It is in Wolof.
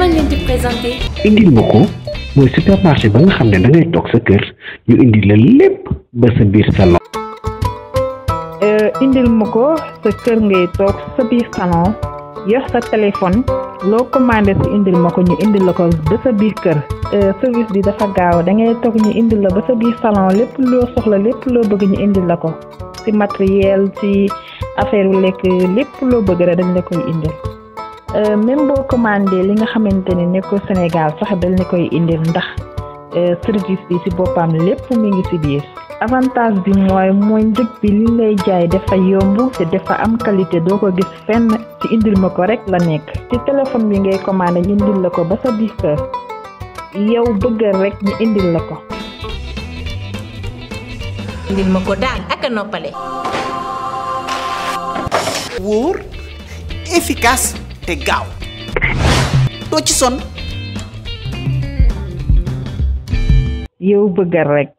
maa ngi leen indil ma ko mooy supermarché ba nga xam ne da toog sa kër ñu indi la lépp ba sa biir salon. Euh, indil ma ko sa kër ngay toog sa biir salon yor sa téléphone loo commandé si indil ma ko ñu indil la ko ba sa biir kër. Euh, service bi dafa gaaw da ngay toog ñu indil la ba sa biir salon lépp loo soxla lépp loo bëgg ñu indil la ko ci matériel ci affaire lekk lépp loo bëgg rek dañ la koy indil. Euh, même boo commandé li nga xamante ne ne ko Sénégal sax dal ni koy indil ndax euh, service bi ci boppam lépp mu ngi ci biir avantage bi mooy mooy njëg bi li lay jaay dafa yomb te dafa am qualité doo ko gis fenn ci indil ma ko rek la nekk ci téléphone bi ngay commandé ñu indil la ko ba sa biir kër rek ñu indil la ko indil ma ko daal ak a noppale wóor efficace te gaaw doo ci sonn yow bëggal